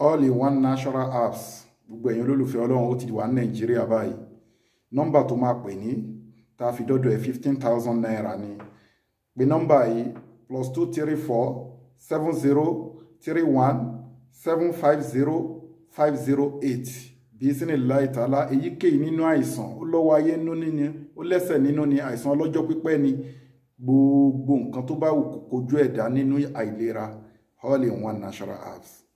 all in one national apps gbogbo ẹ̀yin olólùfẹ́ ọlọ́run ó ti wà ní nàìjíríà báyìí nọ́mbà tó máa pè ní tá fi dọ́dọ̀ ẹ̀ fifteen thousand naira ni pé nọ́mbà yìí plus two three four seven zero three one seven five zero five zero eight bíi sínú ìlà ìtàlá èyíkéyìí nínú àìsàn ó lọ́wọ́ ayé nínú ni ó lẹ́sẹ̀ nínú ni àìsàn ọlọ́jọ́ pípẹ́ ni gbogbo nǹkan tó bá wù kó kojú ẹ̀dá nínú àìlera all in one natural herbs